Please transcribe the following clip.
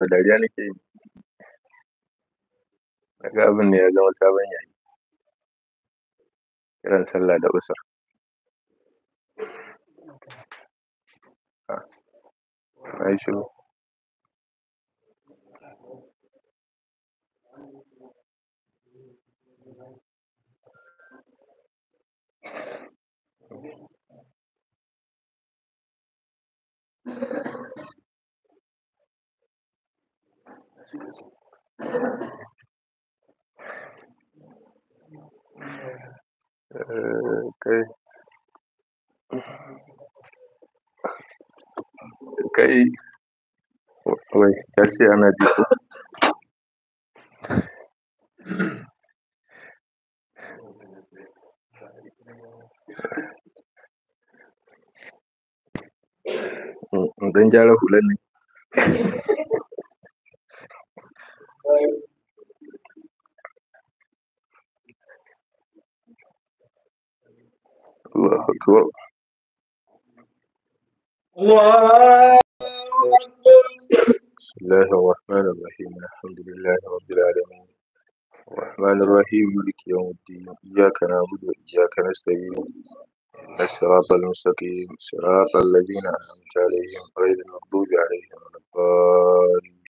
da dariya nake yi naga abin ne ya zama sabon yayi kiran sallah da usur yi ah, shiru ok ờ, ok cái cái ôi cái xe này gì cũng Tenja lo julen. Allah, hook up. الله بسم الله الرحمن الرحيم الحمد لله رب العالمين الرحمن الرحيم ملك يوم الدين إياك نعبد وإياك نستعين إن الصراط المستقيم صراط الذين أنعمت عليهم غير المغضوب عليهم ولا الضالين